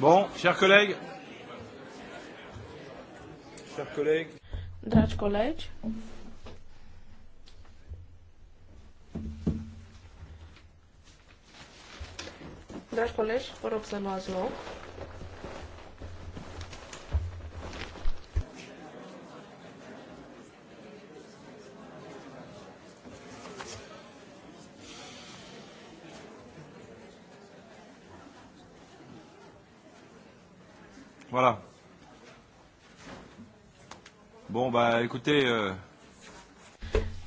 Bun, chers collègues. Chers collègues. Dragi colegi. Dragi colegi, vă rog să luați loc. Voilà. Bon, bah écoutez. Euh...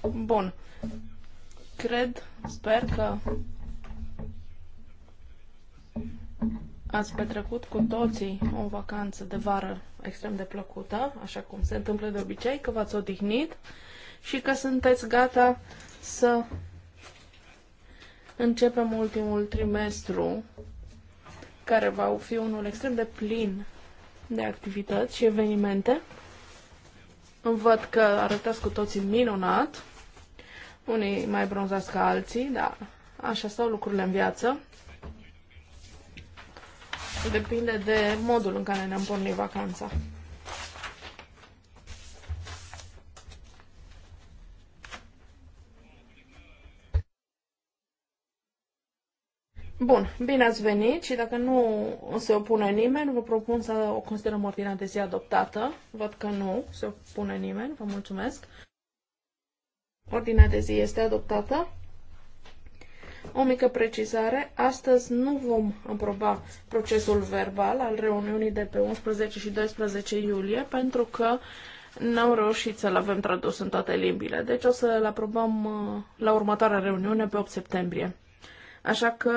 Bun. Cred, sper că ați petrecut cu toții o vacanță de vară extrem de plăcută, așa cum se întâmplă de obicei, că v-ați odihnit și că sunteți gata să începem ultimul trimestru care va fi unul extrem de plin de activități și evenimente. Îmi văd că arătați cu toții minunat, unii mai bronzați ca alții, dar așa stau lucrurile în viață. Depinde de modul în care ne-am pornit vacanța. Bun, bine ați venit și dacă nu se opune nimeni, vă propun să o considerăm ordinea de zi adoptată. Văd că nu se opune nimeni, vă mulțumesc. Ordinea de zi este adoptată. O mică precizare, astăzi nu vom aproba procesul verbal al reuniunii de pe 11 și 12 iulie, pentru că n-am reușit să-l avem tradus în toate limbile. Deci o să-l aprobăm uh, la următoarea reuniune pe 8 septembrie. Așa că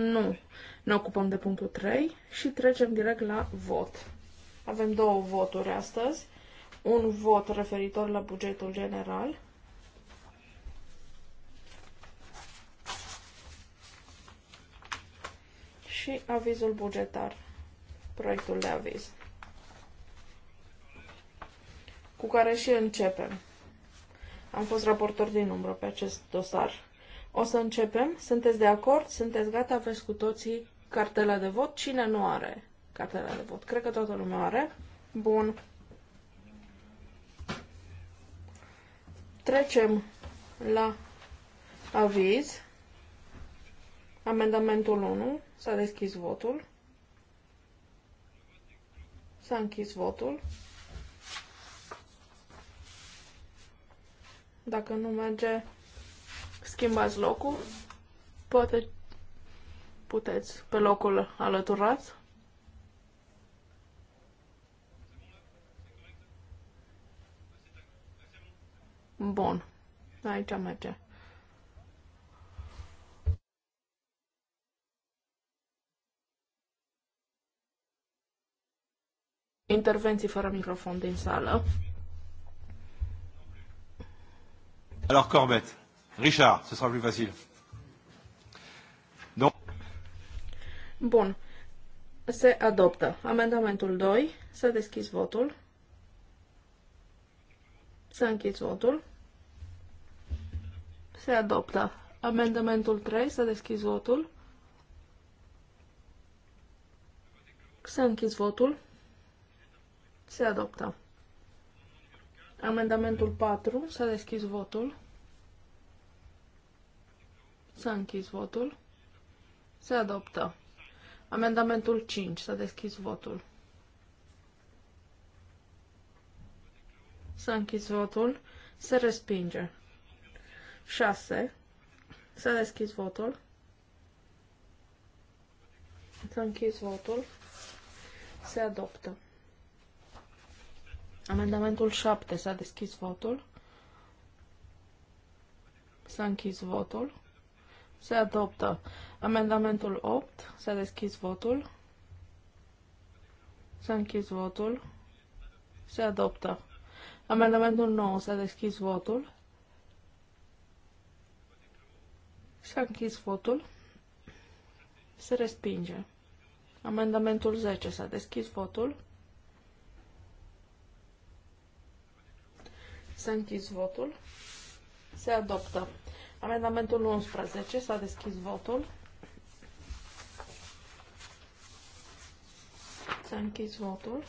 nu. Ne ocupăm de punctul 3 și trecem direct la vot. Avem două voturi astăzi. Un vot referitor la bugetul general. Și avizul bugetar, proiectul de aviz, cu care și începem. Am fost raportor din umbră pe acest dosar. O să începem. Sunteți de acord? Sunteți gata? Aveți cu toții cartela de vot? Cine nu are cartela de vot? Cred că toată lumea are. Bun. Trecem la aviz. Amendamentul 1. S-a deschis votul. S-a închis votul. Dacă nu merge, schimbați locul. Poate puteți pe locul alăturat. Bun. Aici merge. Intervenții fără microfon din sală. Alors Corbett. Richard, ce sera plus facile. Donc... Bun. Se adoptă. Amendamentul 2. Să deschizi votul. Să închizi votul. Se adoptă. Amendamentul 3. Să deschizi votul. Să închizi votul. Se adoptă. Amendamentul 4. Să deschizi deschis votul. S-a închis votul. Se adoptă. Amendamentul 5. S-a deschis votul. S-a închis votul. Se respinge. 6. S-a deschis votul. S-a închis votul. Se adoptă. Amendamentul 7. S-a deschis votul. S-a închis votul. Se adoptă. Amendamentul 8. S-a deschis votul. S-a închis votul. Se adoptă. Amendamentul 9. S-a deschis votul. S-a închis votul. Se respinge. Amendamentul 10. S-a deschis votul. S-a închis votul. Se adoptă. Amendamentul 11. S-a deschis votul. S-a închis votul.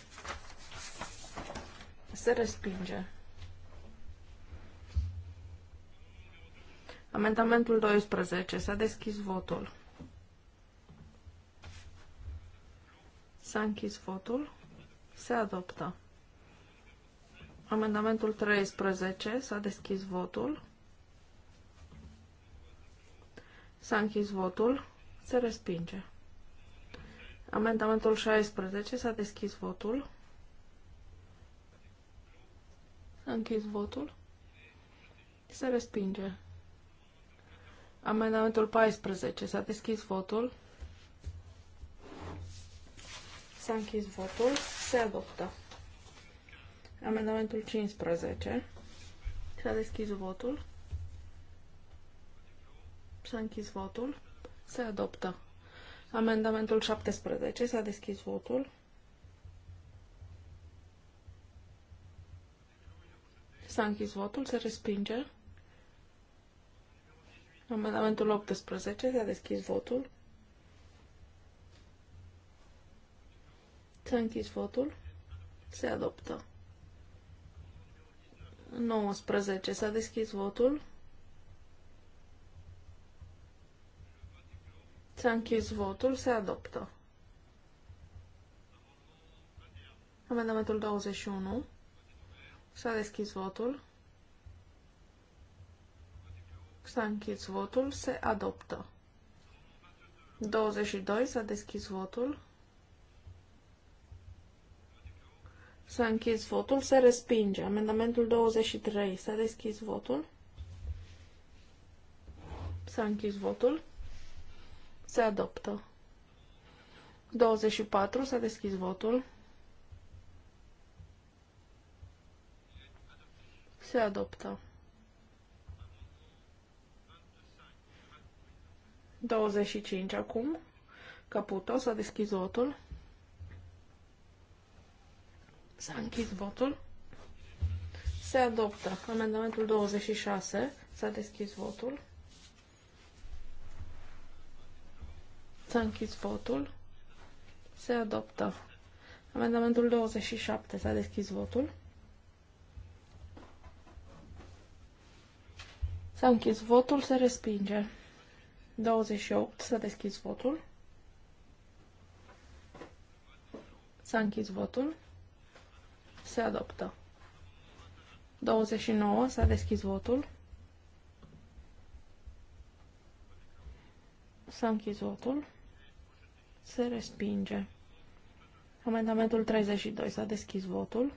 Se respinge. Amendamentul 12. S-a deschis votul. S-a închis votul. Se adoptă. Amendamentul 13. S-a deschis votul. S-a închis votul. Se respinge. Amendamentul 16. S-a deschis votul. S-a închis votul. Se respinge. Amendamentul 14. S-a deschis votul. S-a închis votul. Se adoptă. Amendamentul 15. S-a deschis votul. S-a închis votul. Se adoptă. Amendamentul 17. S-a deschis votul. S-a închis votul. Se respinge. Amendamentul 18. S-a deschis votul. S-a închis votul. Se adoptă. 19. S-a deschis votul. S-a închis votul, se adoptă. Amendamentul 21. S-a deschis votul. S-a închis votul, se adoptă. 22. S-a deschis votul. S-a închis votul, se respinge. Amendamentul 23. S-a deschis votul. S-a închis votul. Se adoptă. 24. S-a deschis votul. Se adoptă. 25 acum. Caputo. S-a deschis votul. S-a închis votul. Se adoptă. Amendamentul 26. S-a deschis votul. Să închis votul. Se adoptă. Amendamentul 27. S-a deschis votul. S-a închis votul, se respinge. 28. S-a deschis votul. S-a închis votul. Se adoptă. 29. S-a deschis votul. S-a închis votul. Se respinge. Amendamentul 32. S-a deschis votul.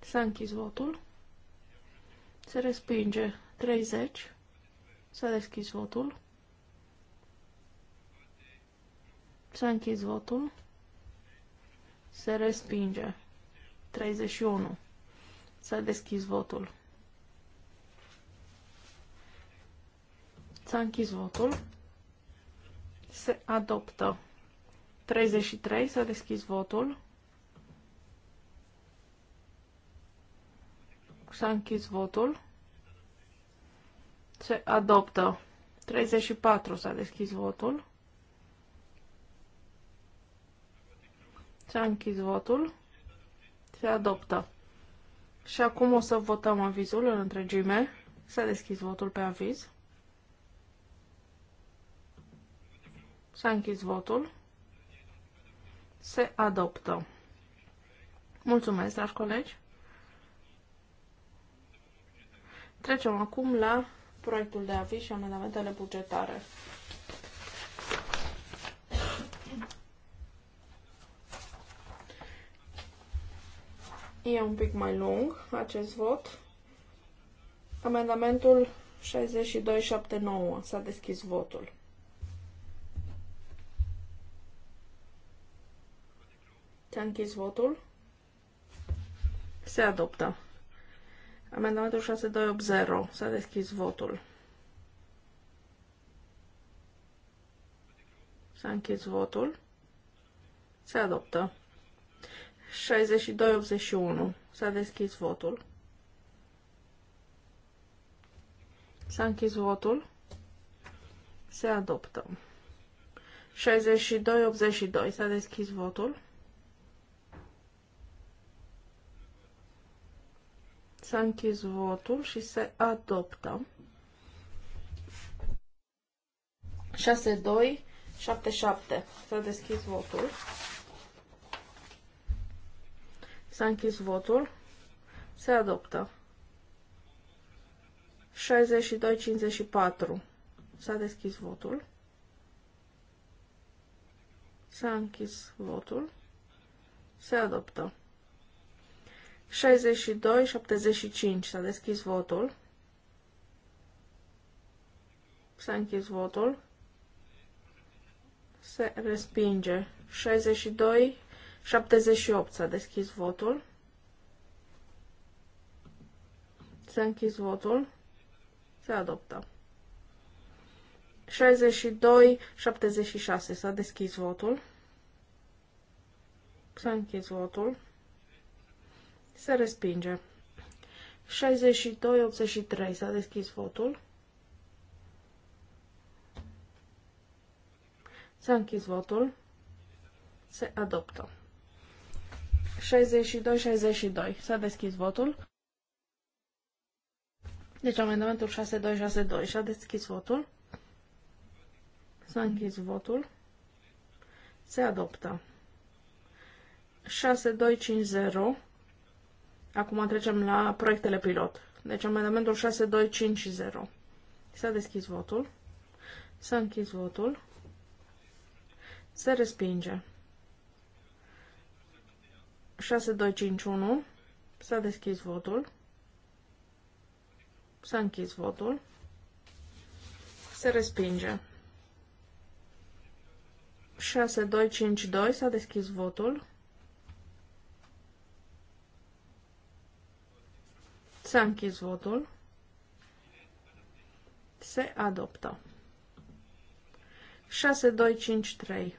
S-a închis votul. Se respinge. 30. S-a deschis votul. S-a închis votul. Se respinge. 31. S-a deschis votul. S-a închis votul. Se adoptă. 33. S-a deschis votul. S-a închis votul. Se adoptă. 34. S-a deschis votul. S-a închis votul. Se adoptă. Și acum o să votăm avizul în întregime. S-a deschis votul pe aviz. S-a închis votul. Se adoptă. Mulțumesc, dragi colegi. Trecem acum la proiectul de aviz și amendamentele bugetare. E un pic mai lung acest vot. Amendamentul 6279 s-a deschis votul. S-a închis votul. Se adoptă. Amendamentul 6280. S-a deschis votul. S-a închis votul. Se adoptă. 6281. S-a deschis votul. S-a închis votul. Se adoptă. 6282. S-a deschis votul. S-a închis votul și se adoptă. 6-2, 7-7. S-a deschis votul. S-a închis votul. Se adoptă. 62-54. S-a deschis votul. S-a închis votul. Se adoptă. 62-75. S-a deschis votul. S-a închis votul. Se respinge. 62-78. S-a deschis votul. S-a închis votul. Se adoptă. 62-76. S-a deschis votul. S-a închis votul. Se respinge. 62-83. S-a deschis votul. S-a închis votul. Se adoptă. 62-62. S-a deschis votul. Deci amendamentul 6262 și-a deschis votul. S-a închis votul. Se adoptă. 6250 Acum trecem la proiectele pilot. Deci amendamentul 6250. S-a deschis votul. S-a închis votul. Se respinge. 6251. S-a deschis votul. S-a închis votul. Se respinge. 6252. S-a deschis votul. S-a închis votul. Se adoptă. 6253.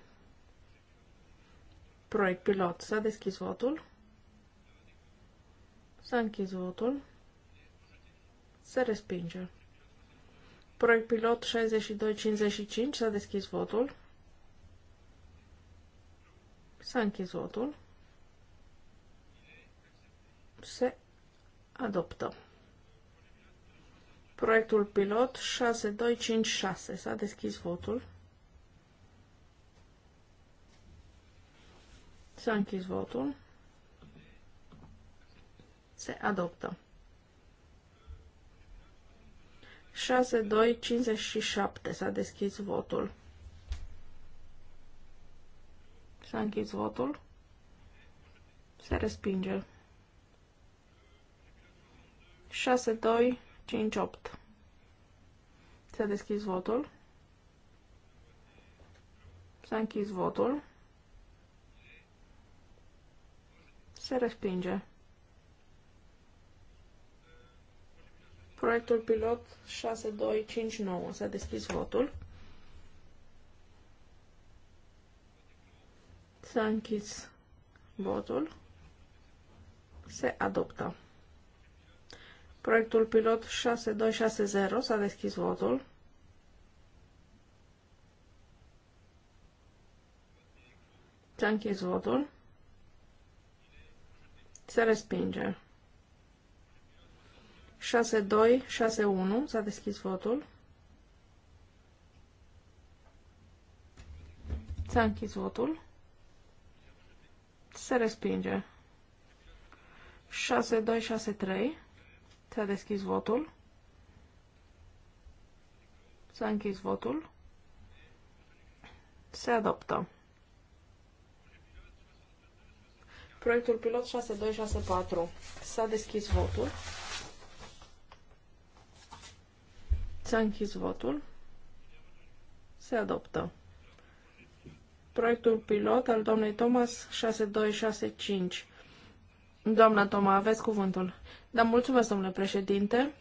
Proiect pilot. S-a deschis votul. S-a închis votul. Se respinge. Proiect pilot 6255. S-a deschis votul. S-a închis votul. Se adoptă. Proiectul pilot 6256. S-a deschis votul. S-a închis votul. Se adoptă. 6257. S-a deschis votul. S-a închis votul. Se respinge. 6258. S-a deschis votul. S-a închis votul. Se respinge. Proiectul pilot 6259. S-a deschis votul. S-a închis votul. Se adoptă. Proiectul pilot 6260 s-a deschis votul. S-a închis votul. Se respinge. 6261 s-a deschis votul. S-a închis votul. Se respinge. 6263 S-a deschis votul. S-a închis votul. Se adoptă. Proiectul pilot 6264. S-a deschis votul. S-a închis votul. Se adoptă. Proiectul pilot al domnului Thomas 6265. Doamna Toma, aveți cuvântul. Da, mulțumesc, domnule președinte.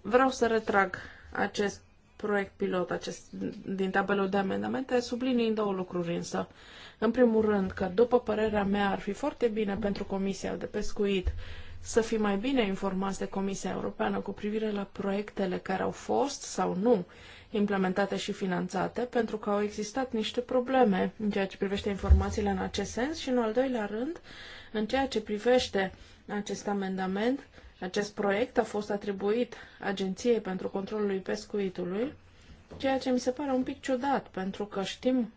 Vreau să retrag acest proiect pilot acest, din tabelul de amendamente, subliniind două lucruri însă. În primul rând că, după părerea mea, ar fi foarte bine pentru Comisia de Pescuit să fi mai bine informați de Comisia Europeană cu privire la proiectele care au fost sau nu implementate și finanțate, pentru că au existat niște probleme în ceea ce privește informațiile în acest sens și, în al doilea rând, în ceea ce privește acest amendament, acest proiect a fost atribuit Agenției pentru Controlul Pescuitului, ceea ce mi se pare un pic ciudat, pentru că știm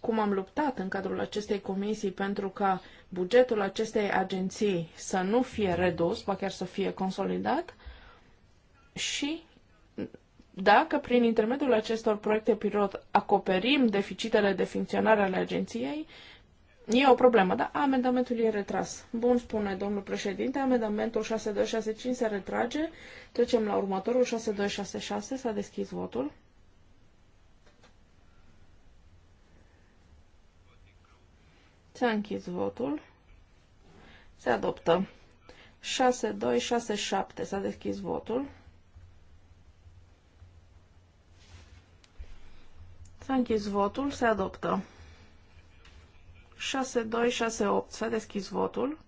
cum am luptat în cadrul acestei comisii pentru ca bugetul acestei agenții să nu fie redus, ba chiar să fie consolidat, și dacă prin intermediul acestor proiecte pilot acoperim deficitele de funcționare ale agenției, E o problemă, dar amendamentul e retras. Bun, spune domnul președinte, amendamentul 6265 se retrage. Trecem la următorul, 6266, s-a deschis votul. S-a închis votul. Se adoptă. 6267 s-a deschis votul. S-a închis votul, se adoptă. 6268. S-a deschis votul.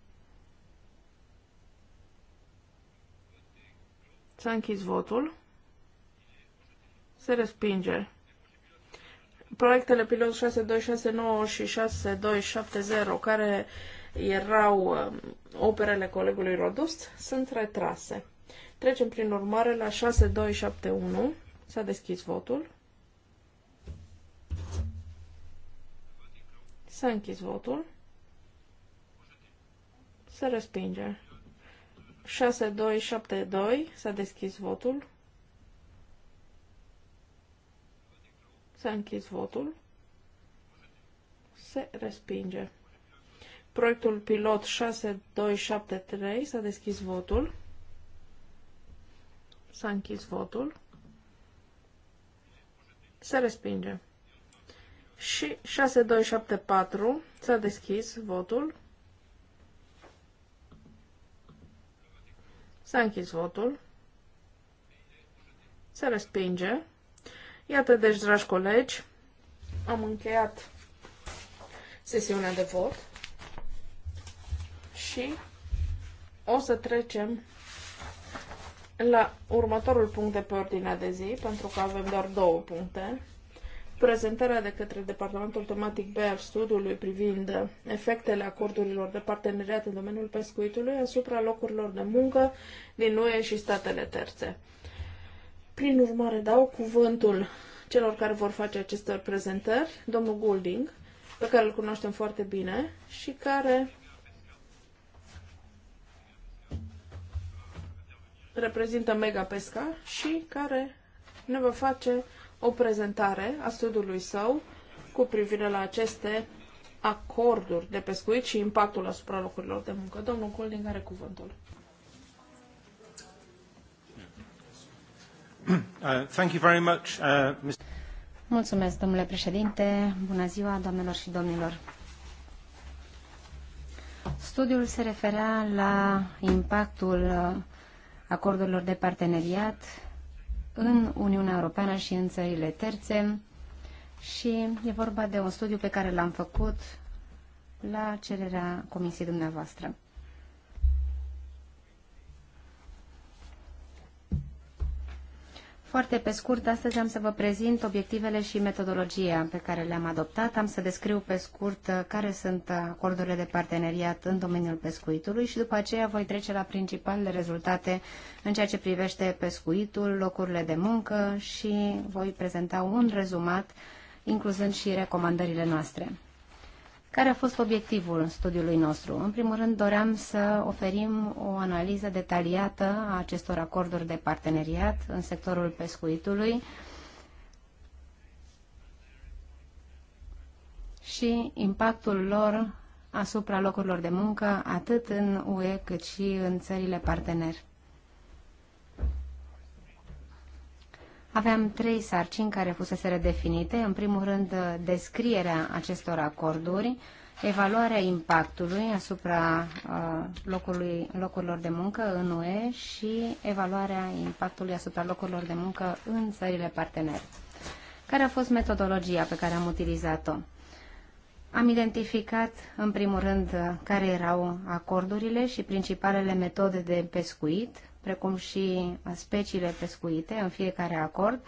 S-a închis votul. Se respinge. Proiectele pilot 6269 și 6270, care erau um, operele colegului Rodust, sunt retrase. Trecem prin urmare la 6271. S-a deschis votul. Să închizi votul. Se respinge. 6272 s-a deschis votul. Să închizi votul. Se respinge. Proiectul pilot 6273 s-a deschis votul. S-a închis votul. Se respinge. Și 6274 s-a deschis votul. S-a închis votul. Se respinge. Iată deci, dragi colegi, am încheiat sesiunea de vot și o să trecem la următorul punct de pe ordinea de zi, pentru că avem doar două puncte prezentarea de către Departamentul Tematic B al studiului privind efectele acordurilor de parteneriat în domeniul pescuitului asupra locurilor de muncă din UE și statele terțe. Prin urmare, dau cuvântul celor care vor face aceste prezentări, domnul Goulding, pe care îl cunoaștem foarte bine și care reprezintă Mega Pesca și care ne va face o prezentare a studiului său cu privire la aceste acorduri de pescuit și impactul asupra locurilor de muncă. Domnul Golding are cuvântul. Uh, thank you very much, uh, Mr. Mulțumesc, domnule președinte. Bună ziua, doamnelor și domnilor. Studiul se referea la impactul uh, acordurilor de parteneriat în Uniunea Europeană și în țările terțe și e vorba de un studiu pe care l-am făcut la cererea comisiei dumneavoastră. Foarte pe scurt, astăzi am să vă prezint obiectivele și metodologia pe care le-am adoptat. Am să descriu pe scurt uh, care sunt uh, acordurile de parteneriat în domeniul pescuitului și după aceea voi trece la principalele rezultate în ceea ce privește pescuitul, locurile de muncă și voi prezenta un rezumat, incluzând și recomandările noastre. Care a fost obiectivul studiului nostru? În primul rând, doream să oferim o analiză detaliată a acestor acorduri de parteneriat în sectorul pescuitului și impactul lor asupra locurilor de muncă, atât în UE cât și în țările parteneri. Aveam trei sarcini care fusese redefinite. În primul rând, descrierea acestor acorduri, evaluarea impactului asupra uh, locului, locurilor de muncă în UE și evaluarea impactului asupra locurilor de muncă în țările parteneri. Care a fost metodologia pe care am utilizat-o? Am identificat, în primul rând, care erau acordurile și principalele metode de pescuit precum și speciile pescuite în fiecare acord.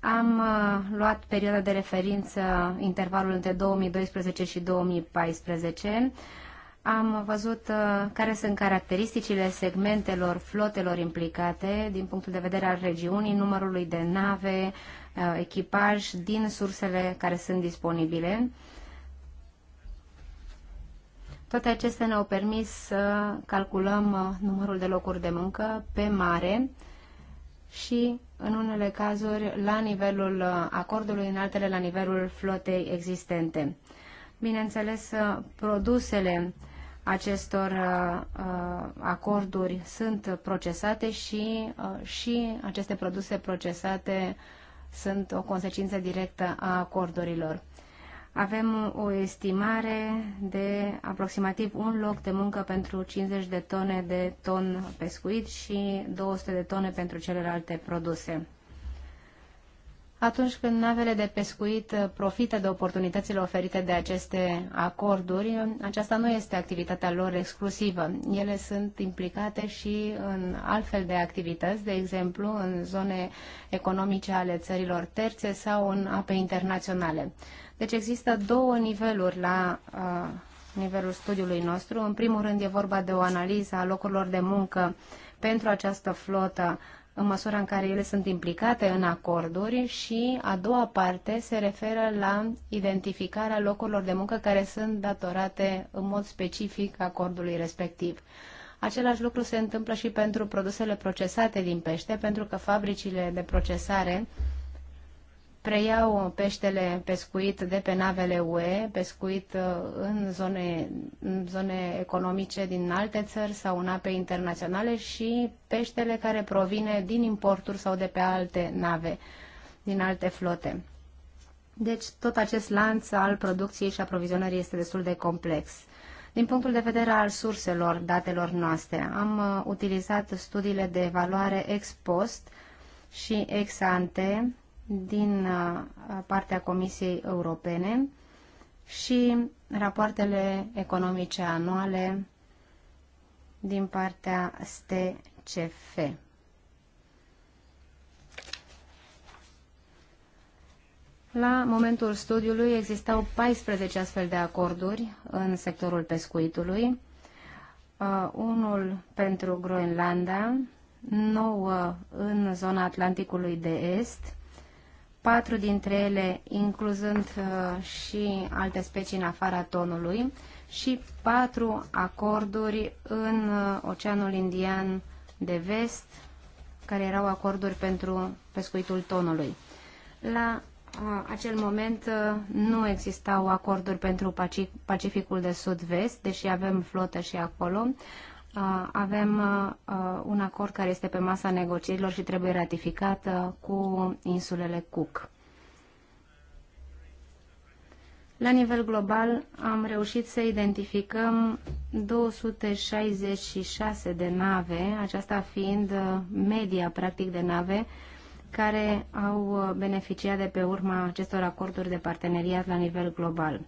Am uh, luat perioada de referință, intervalul între 2012 și 2014. Am văzut uh, care sunt caracteristicile segmentelor, flotelor implicate din punctul de vedere al regiunii, numărului de nave, uh, echipaj, din sursele care sunt disponibile toate acestea ne-au permis să calculăm uh, numărul de locuri de muncă pe mare și, în unele cazuri, la nivelul uh, acordului, în altele la nivelul flotei existente. Bineînțeles, uh, produsele acestor acorduri sunt procesate și, și aceste produse procesate sunt o consecință directă a acordurilor avem o estimare de aproximativ un loc de muncă pentru 50 de tone de ton pescuit și 200 de tone pentru celelalte produse atunci când navele de pescuit uh, profită de oportunitățile oferite de aceste acorduri, uh, aceasta nu este activitatea lor exclusivă. Ele sunt implicate și în altfel de activități, de exemplu în zone economice ale țărilor terțe sau în ape internaționale. Deci există două niveluri la uh, nivelul studiului nostru. În primul rând e vorba de o analiză a locurilor de muncă pentru această flotă în măsura în care ele sunt implicate în acorduri și a doua parte se referă la identificarea locurilor de muncă care sunt datorate în mod specific acordului respectiv. Același lucru se întâmplă și pentru produsele procesate din pește, pentru că fabricile de procesare preiau peștele pescuit de pe navele UE, pescuit uh, în zone, în zone economice din alte țări sau în ape internaționale și peștele care provine din importuri sau de pe alte nave, din alte flote. Deci tot acest lanț al producției și aprovizionării este destul de complex. Din punctul de vedere al surselor datelor noastre, am uh, utilizat studiile de evaluare ex post și ex ante din uh, partea Comisiei Europene și rapoartele economice anuale din partea STCF. La momentul studiului existau 14 astfel de acorduri în sectorul pescuitului, uh, unul pentru Groenlanda, nouă în zona Atlanticului de Est, patru dintre ele incluzând uh, și alte specii în afara tonului și patru acorduri în uh, Oceanul Indian de vest, care erau acorduri pentru pescuitul tonului. La uh, acel moment nu existau acorduri pentru Pacificul de Sud-Vest, deși avem flotă și acolo avem un acord care este pe masa negocierilor și trebuie ratificat cu insulele Cook. La nivel global am reușit să identificăm 266 de nave, aceasta fiind media practic de nave, care au beneficiat de pe urma acestor acorduri de parteneriat la nivel global.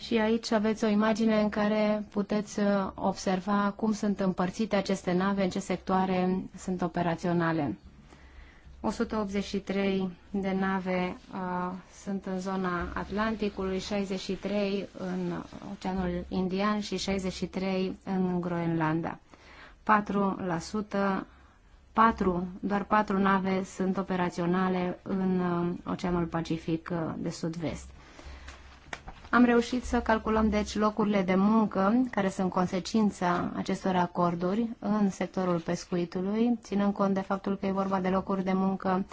Și aici aveți o imagine în care puteți uh, observa cum sunt împărțite aceste nave, în ce sectoare sunt operaționale. 183 de nave uh, sunt în zona Atlanticului, 63 în Oceanul Indian și 63 în Groenlanda. 4%, 4, doar 4 nave sunt operaționale în uh, Oceanul Pacific uh, de Sud-Vest. Am reușit să calculăm deci locurile de muncă care sunt consecința acestor acorduri în sectorul pescuitului, ținând cont de faptul că e vorba de locuri de muncă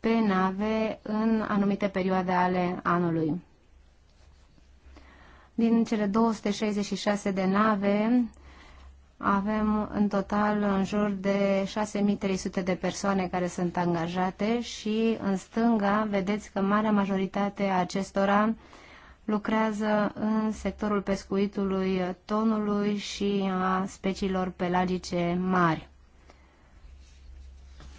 pe nave în anumite perioade ale anului. Din cele 266 de nave avem în total în jur de 6300 de persoane care sunt angajate și în stânga vedeți că marea majoritate a acestora lucrează în sectorul pescuitului tonului și a speciilor pelagice mari.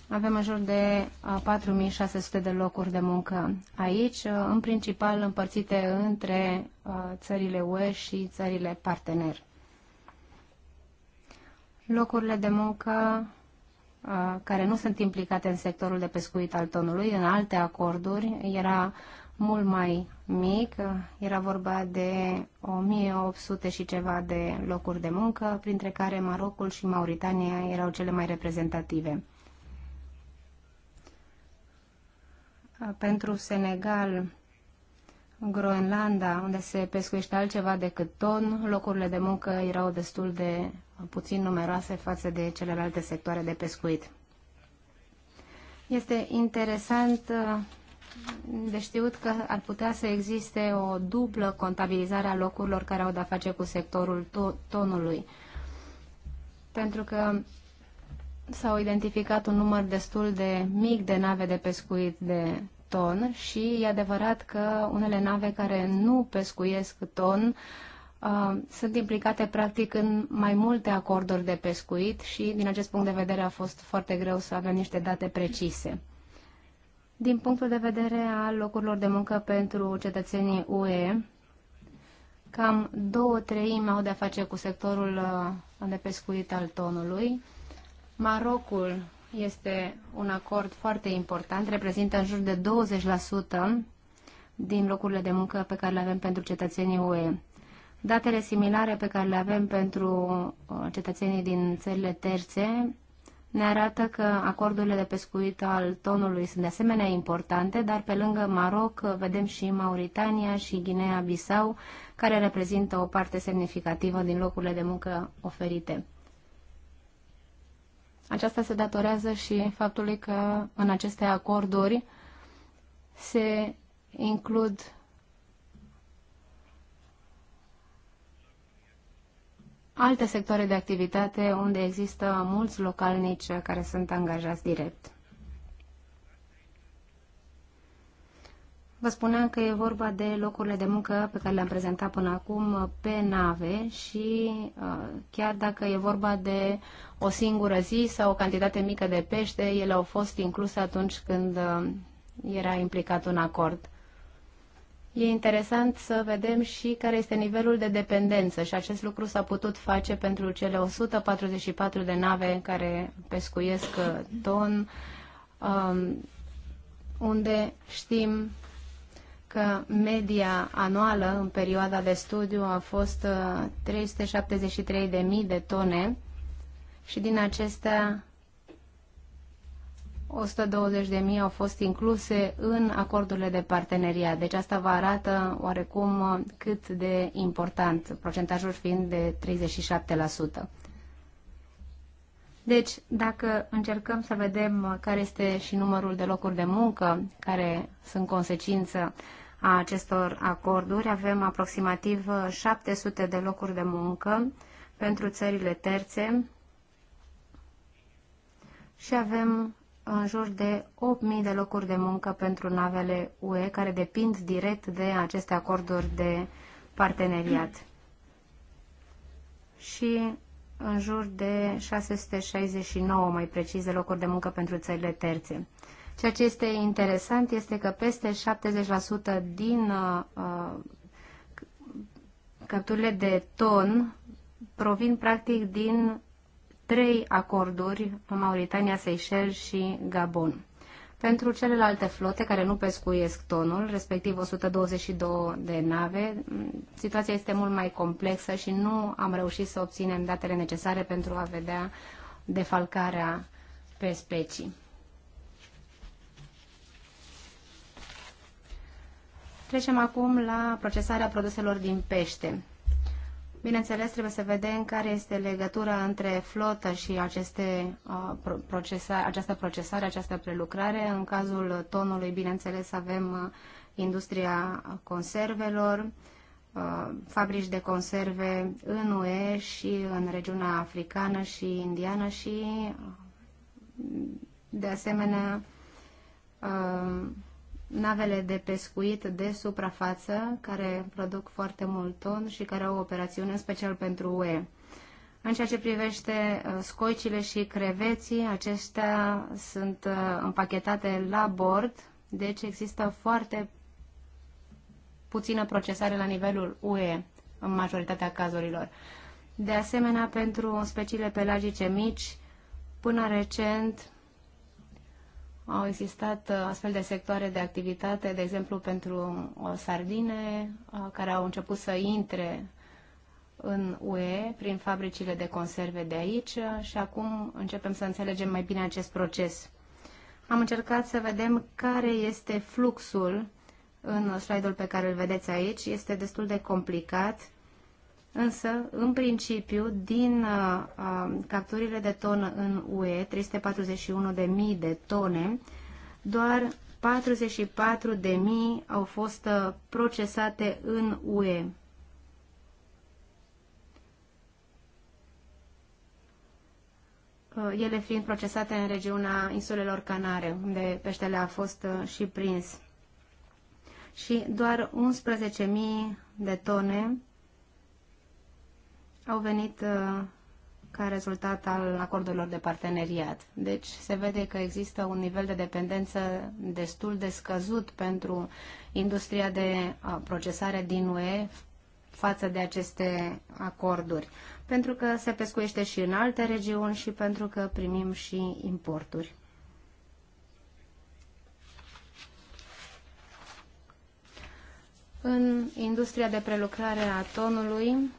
Avem în jur de 4600 de locuri de muncă aici, în principal împărțite între țările UE și țările partener locurile de muncă uh, care nu sunt implicate în sectorul de pescuit al tonului, în alte acorduri, era mult mai mic, era vorba de 1800 și ceva de locuri de muncă, printre care Marocul și Mauritania erau cele mai reprezentative. Pentru Senegal, Groenlanda, unde se pescuiește altceva decât ton, locurile de muncă erau destul de puțin numeroase față de celelalte sectoare de pescuit. Este interesant eh, de știut că ar putea să existe o dublă contabilizare a locurilor care au de-a face cu sectorul tonului. Pentru că s-au identificat un număr destul de mic de nave de pescuit de ton și e adevărat că unele nave care nu pescuiesc ton uh, sunt implicate practic în mai multe acorduri de pescuit și din acest punct de vedere a fost foarte greu să avem niște date precise. Din punctul de vedere al locurilor de muncă pentru cetățenii UE, cam două treimi au de-a face cu sectorul uh, de pescuit al tonului. Marocul este un acord foarte important, reprezintă în jur de 20% din locurile de muncă pe care le avem pentru cetățenii UE. Datele similare pe care le avem pentru uh, cetățenii din țările terțe ne arată că acordurile de pescuit al tonului sunt de asemenea importante, dar pe lângă Maroc uh, vedem și Mauritania și Guinea-Bissau, care reprezintă o parte semnificativă din locurile de muncă oferite. Aceasta se datorează și faptului că în aceste acorduri se includ alte sectoare de activitate unde există mulți localnici care sunt angajați direct. Vă spuneam că e vorba de locurile de muncă pe care le-am prezentat până acum pe nave și uh, chiar dacă e vorba de o singură zi sau o cantitate mică de pește, ele au fost incluse atunci când uh, era implicat un acord. E interesant să vedem și care este nivelul de dependență și acest lucru s-a putut face pentru cele 144 de nave care pescuiesc uh, ton, um, unde știm că media anuală în perioada de studiu a fost 373.000 uh, de tone și din acestea 120.000 au fost incluse în acordurile de parteneriat. Deci asta vă arată oarecum uh, cât de important, procentajul fiind de 37%. Deci, dacă încercăm să vedem uh, care este și numărul de locuri de muncă care sunt consecință a acestor acorduri, avem aproximativ 700 uh, de locuri de muncă pentru țările terțe și avem în jur de 8.000 de locuri de muncă pentru navele UE care depind direct de aceste acorduri de parteneriat. Și în jur de 669, mai precis, de locuri de muncă pentru țările terțe. Ceea ce este interesant este că peste 70% din uh, capturile de ton provin practic din trei acorduri Mauritania, Seychelles și Gabon. Pentru celelalte flote care nu pescuiesc tonul, respectiv 122 de nave, situația este mult mai complexă și nu am reușit să obținem datele necesare pentru a vedea defalcarea pe specii. Trecem acum la procesarea produselor din pește. Bineînțeles, trebuie să vedem care este legătura între flotă și aceste, uh, procesa, această procesare, această prelucrare. În cazul tonului, bineînțeles, avem uh, industria conservelor, uh, fabrici de conserve în UE și în regiunea africană și indiană și, de asemenea, navele de pescuit de suprafață care produc foarte mult ton și care au operațiune special pentru UE. În ceea ce privește uh, scoicile și creveții, acestea sunt uh, împachetate la bord, deci există foarte puțină procesare la nivelul UE în majoritatea cazurilor. De asemenea, pentru speciile pelagice mici, până recent, au existat uh, astfel de sectoare de activitate, de exemplu pentru uh, sardine, uh, care au început să intre în UE prin fabricile de conserve de aici și acum începem să înțelegem mai bine acest proces. Am încercat să vedem care este fluxul în slide-ul pe care îl vedeți aici. Este destul de complicat Însă, în principiu, din uh, uh, capturile de tonă în UE, 341.000 de tone, doar 44.000 au fost uh, procesate în UE. Uh, ele fiind procesate în regiunea insulelor Canare, unde peștele a fost uh, și prins. Și doar 11.000 de tone au venit uh, ca rezultat al acordurilor de parteneriat. Deci se vede că există un nivel de dependență destul de scăzut pentru industria de uh, procesare din UE față de aceste acorduri, pentru că se pescuiește și în alte regiuni și pentru că primim și importuri. În industria de prelucrare a tonului,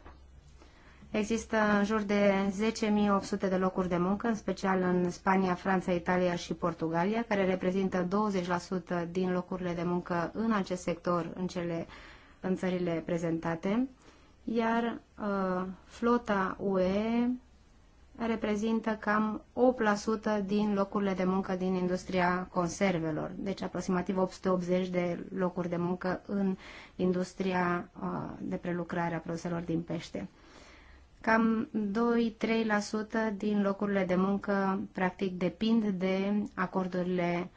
Există în jur de 10.800 de locuri de muncă, în special în Spania, Franța, Italia și Portugalia, care reprezintă 20% din locurile de muncă în acest sector în, cele, în țările prezentate, iar uh, flota UE reprezintă cam 8% din locurile de muncă din industria conservelor, deci aproximativ 880 de locuri de muncă în industria uh, de prelucrare a produselor din pește. Cam 2-3% din locurile de muncă practic depind de acordurile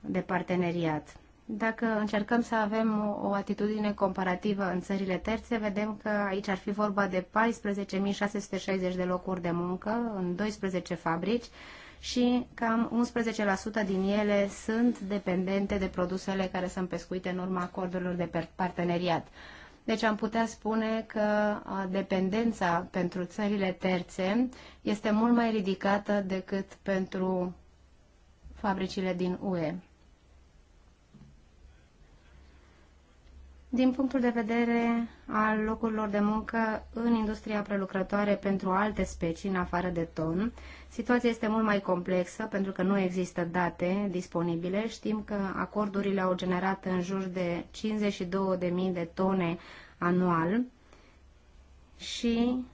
de parteneriat. Dacă încercăm să avem o atitudine comparativă în țările terțe, vedem că aici ar fi vorba de 14.660 de locuri de muncă în 12 fabrici și cam 11% din ele sunt dependente de produsele care sunt pescuite în urma acordurilor de parteneriat. Deci am putea spune că dependența pentru țările terțe este mult mai ridicată decât pentru fabricile din UE. din punctul de vedere al locurilor de muncă în industria prelucrătoare pentru alte specii în afară de ton, situația este mult mai complexă pentru că nu există date disponibile. Știm că acordurile au generat în jur de 52.000 de tone anual și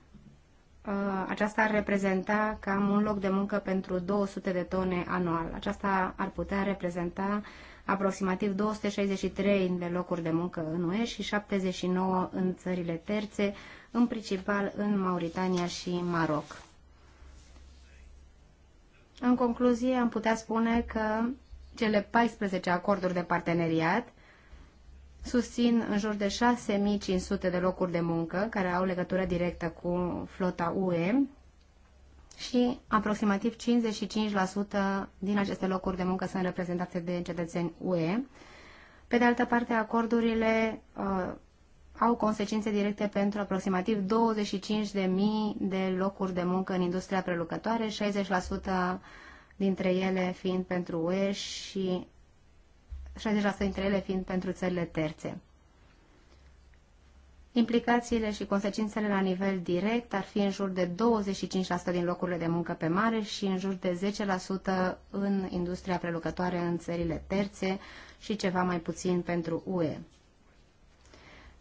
uh, aceasta ar reprezenta cam un loc de muncă pentru 200 de tone anual. Aceasta ar putea reprezenta aproximativ 263 de locuri de muncă în UE și 79 în țările terțe, în principal în Mauritania și Maroc. În concluzie, am putea spune că cele 14 acorduri de parteneriat susțin în jur de 6500 de locuri de muncă care au legătură directă cu flota UE și aproximativ 55% din aceste locuri de muncă sunt reprezentate de cetățeni UE. Pe de altă parte, acordurile uh, au consecințe directe pentru aproximativ 25.000 de locuri de muncă în industria prelucătoare, 60% dintre ele fiind pentru UE și 60% dintre ele fiind pentru țările terțe. Implicațiile și consecințele la nivel direct ar fi în jur de 25% din locurile de muncă pe mare și în jur de 10% în industria prelucătoare în țările terțe și ceva mai puțin pentru UE.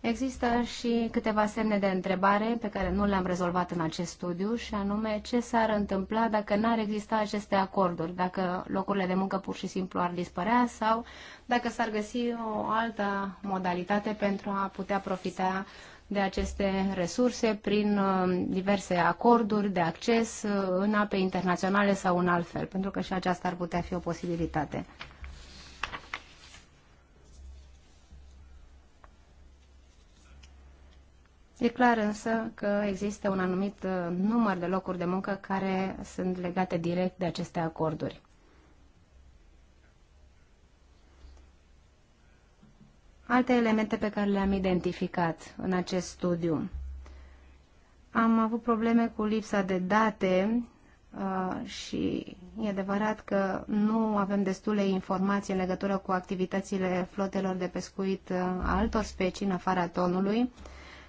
Există și câteva semne de întrebare pe care nu le-am rezolvat în acest studiu și anume ce s-ar întâmpla dacă n-ar exista aceste acorduri, dacă locurile de muncă pur și simplu ar dispărea sau dacă s-ar găsi o altă modalitate pentru a putea profita de aceste resurse prin uh, diverse acorduri de acces uh, în ape internaționale sau în altfel, pentru că și aceasta ar putea fi o posibilitate. E clar însă că există un anumit uh, număr de locuri de muncă care sunt legate direct de aceste acorduri. Alte elemente pe care le-am identificat în acest studiu. Am avut probleme cu lipsa de date Uh, și e adevărat că nu avem destule informații în legătură cu activitățile flotelor de pescuit a uh, altor specii în afara tonului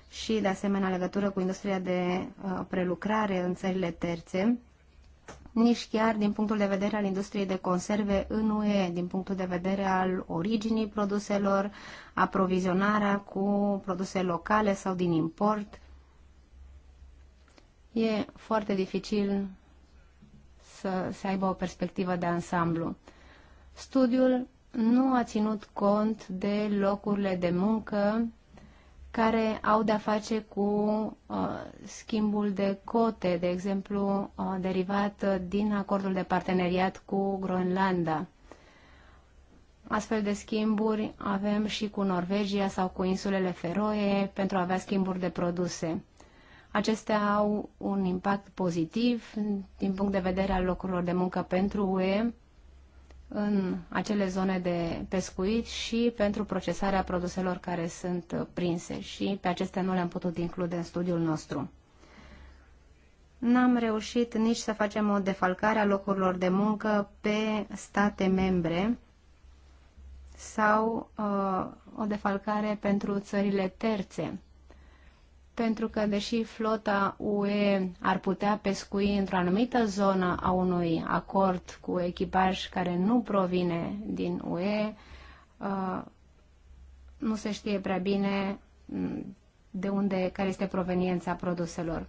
și, de asemenea, legătură cu industria de uh, prelucrare în țările terțe, nici chiar din punctul de vedere al industriei de conserve în UE, din punctul de vedere al originii produselor, aprovizionarea cu produse locale sau din import. E foarte dificil să se aibă o perspectivă de ansamblu. Studiul nu a ținut cont de locurile de muncă care au de-a face cu uh, schimbul de cote, de exemplu, uh, derivat din acordul de parteneriat cu Groenlanda. Astfel de schimburi avem și cu Norvegia sau cu insulele Feroe pentru a avea schimburi de produse. Acestea au un impact pozitiv din punct de vedere al locurilor de muncă pentru UE, în acele zone de pescuit și pentru procesarea produselor care sunt prinse și pe acestea nu le-am putut include în studiul nostru. N-am reușit nici să facem o defalcare a locurilor de muncă pe state membre sau uh, o defalcare pentru țările terțe pentru că deși flota UE ar putea pescui într-o anumită zonă a unui acord cu echipaj care nu provine din UE, uh, nu se știe prea bine mm, de unde, care este proveniența produselor.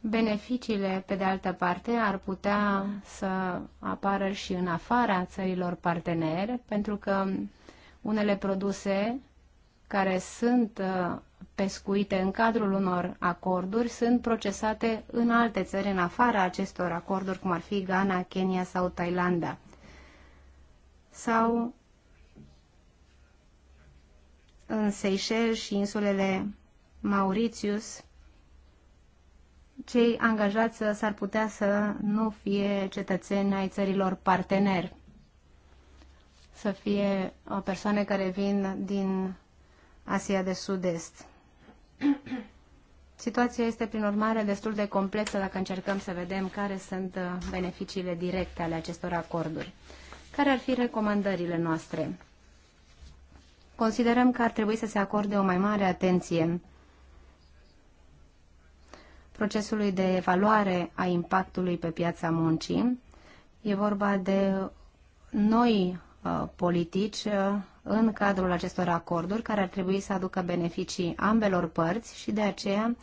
Beneficiile, pe de altă parte, ar putea să apară și în afara țărilor parteneri, pentru că unele produse care sunt uh, pescuite în cadrul unor acorduri sunt procesate în alte țări în afara acestor acorduri, cum ar fi Ghana, Kenya sau Thailanda. Sau în Seychelles și insulele Mauritius, cei angajați s-ar putea să nu fie cetățeni ai țărilor parteneri, să fie uh, persoane care vin din Asia de Sud-Est. Situația este, prin urmare, destul de complexă dacă încercăm să vedem care sunt uh, beneficiile directe ale acestor acorduri. Care ar fi recomandările noastre? Considerăm că ar trebui să se acorde o mai mare atenție procesului de evaluare a impactului pe piața muncii. E vorba de noi uh, politici uh, în cadrul acestor acorduri, care ar trebui să aducă beneficii ambelor părți și de aceea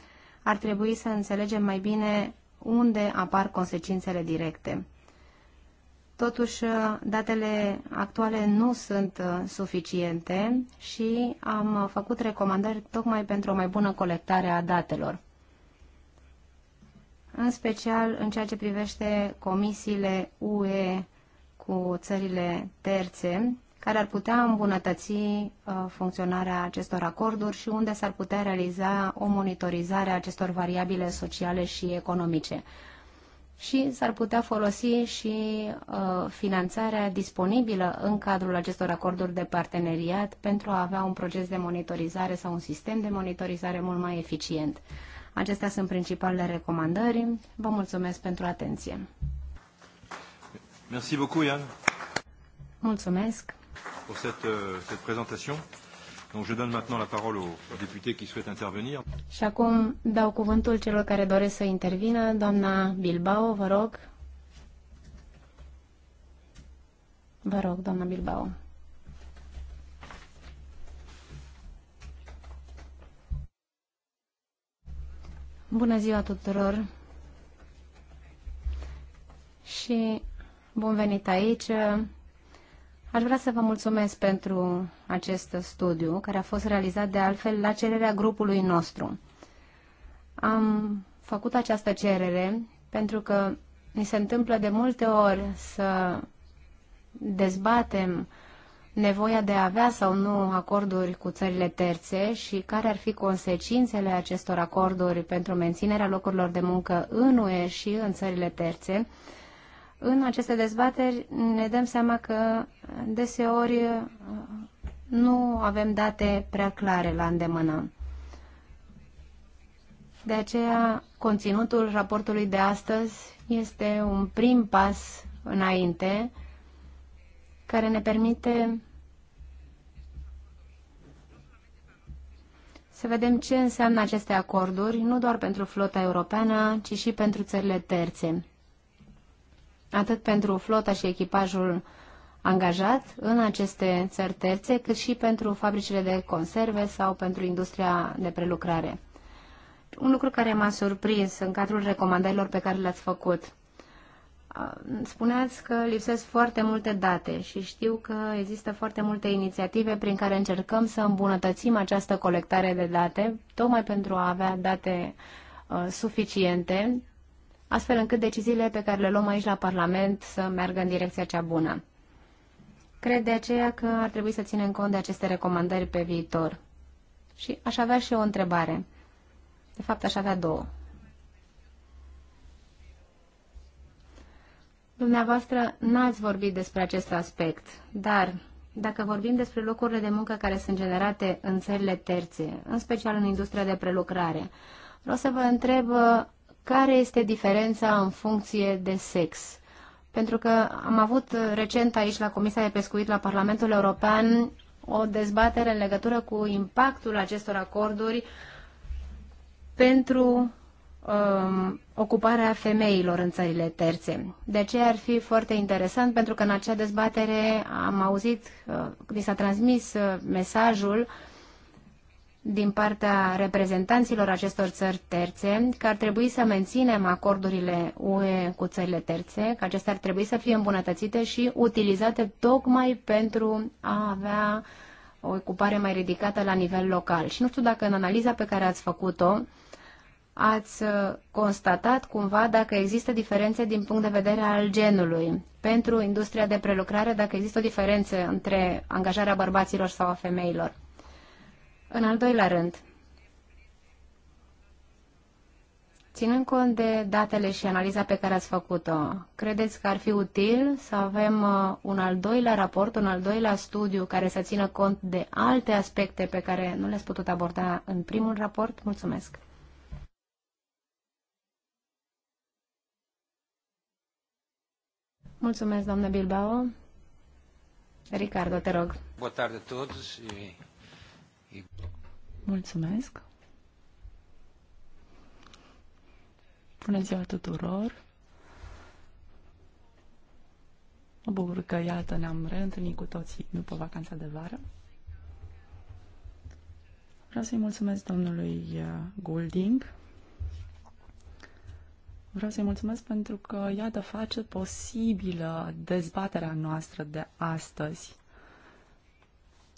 ar trebui să înțelegem mai bine unde apar consecințele directe. Totuși, datele actuale nu sunt uh, suficiente și am făcut recomandări tocmai pentru o mai bună colectare a datelor. În special în ceea ce privește comisiile UE cu țările terțe, care ar putea îmbunătăți uh, funcționarea acestor acorduri și unde s-ar putea realiza o monitorizare a acestor variabile sociale și economice. Și s-ar putea folosi și uh, finanțarea disponibilă în cadrul acestor acorduri de parteneriat pentru a avea un proces de monitorizare sau un sistem de monitorizare mult mai eficient. Acestea sunt principalele recomandări. Vă mulțumesc pentru atenție. Merci beaucoup, Ian. Mulțumesc pour cette, euh, cette présentation. Donc je donne maintenant la parole aux députés qui souhaitent intervenir. Și acum dau cuvântul celor care doresc să intervină. Doamna Bilbao, vă rog. Vă rog, doamna Bilbao. Bună ziua tuturor și bun venit aici. Aș vrea să vă mulțumesc pentru acest studiu, care a fost realizat de altfel la cererea grupului nostru. Am făcut această cerere pentru că ni se întâmplă de multe ori să dezbatem nevoia de a avea sau nu acorduri cu țările terțe și care ar fi consecințele acestor acorduri pentru menținerea locurilor de muncă în UE și în țările terțe în aceste dezbateri ne dăm seama că deseori uh, nu avem date prea clare la îndemână. De aceea, conținutul raportului de astăzi este un prim pas înainte care ne permite să vedem ce înseamnă aceste acorduri, nu doar pentru flota europeană, ci și pentru țările terțe atât pentru flota și echipajul angajat în aceste țări terțe, cât și pentru fabricile de conserve sau pentru industria de prelucrare. Un lucru care m-a surprins în cadrul recomandărilor pe care le-ați făcut. Spuneați că lipsesc foarte multe date și știu că există foarte multe inițiative prin care încercăm să îmbunătățim această colectare de date, tocmai pentru a avea date uh, suficiente astfel încât deciziile pe care le luăm aici la Parlament să meargă în direcția cea bună. Cred de aceea că ar trebui să ținem cont de aceste recomandări pe viitor. Și aș avea și o întrebare. De fapt, aș avea două. Dumneavoastră n-ați vorbit despre acest aspect, dar dacă vorbim despre locurile de muncă care sunt generate în țările terțe, în special în industria de prelucrare, vreau să vă întreb care este diferența în funcție de sex. Pentru că am avut recent aici la Comisia de Pescuit la Parlamentul European o dezbatere în legătură cu impactul acestor acorduri pentru um, ocuparea femeilor în țările terțe. De ce ar fi foarte interesant pentru că în acea dezbatere am auzit, uh, mi s-a transmis uh, mesajul uh, din partea reprezentanților acestor țări terțe că ar trebui să menținem acordurile UE cu țările terțe, că acestea ar trebui să fie îmbunătățite și utilizate tocmai pentru a avea o ocupare mai ridicată la nivel local. Și nu știu dacă în analiza pe care ați făcut-o ați uh, constatat cumva dacă există diferențe din punct de vedere al genului. Pentru industria de prelucrare, dacă există o diferență între angajarea bărbaților sau a femeilor. În al doilea rând, ținând cont de datele și analiza pe care ați făcut-o, credeți că ar fi util să avem uh, un al doilea raport, un al doilea studiu care să țină cont de alte aspecte pe care nu le-ați putut aborda în primul raport? Mulțumesc! Mulțumesc, doamnă Bilbao. Ricardo, te rog. Boa tarde a todos e Mulțumesc! Bună ziua tuturor! Mă bucur că, iată, ne-am reîntâlnit cu toții după vacanța de vară. Vreau să-i mulțumesc domnului uh, Golding. Vreau să-i mulțumesc pentru că, iată, face posibilă dezbaterea noastră de astăzi.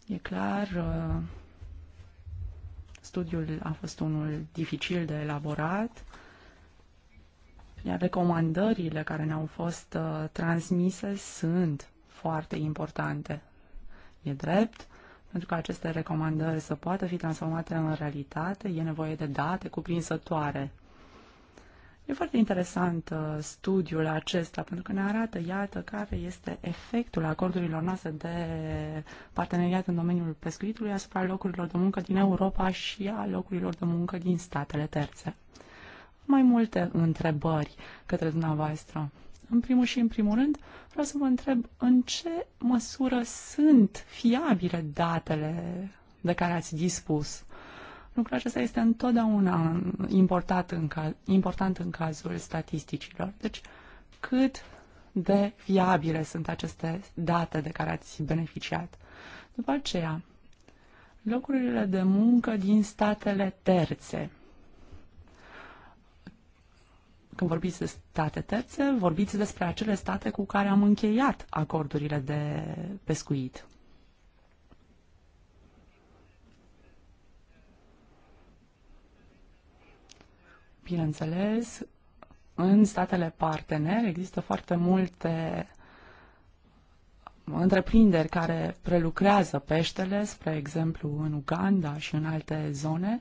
E clar, uh, Studiul a fost unul dificil de elaborat, iar recomandările care ne-au fost uh, transmise sunt foarte importante. E drept, pentru că aceste recomandări să poată fi transformate în realitate, e nevoie de date cuprinsătoare E foarte interesant uh, studiul acesta, pentru că ne arată, iată, care este efectul acordurilor noastre de parteneriat în domeniul pescuitului asupra locurilor de muncă din Europa și a locurilor de muncă din statele terțe. Mai multe întrebări către dumneavoastră. În primul și în primul rând, vreau să vă întreb în ce măsură sunt fiabile datele de care ați dispus Lucrul acesta este întotdeauna important în cal, important în cazul statisticilor. Deci, cât de viabile sunt aceste date de care ați beneficiat. După aceea, locurile de muncă din statele terțe. Când vorbiți de state terțe, vorbiți despre acele state cu care am încheiat acordurile de pescuit. Bineînțeles, în statele partener există foarte multe întreprinderi care prelucrează peștele, spre exemplu în Uganda și în alte zone,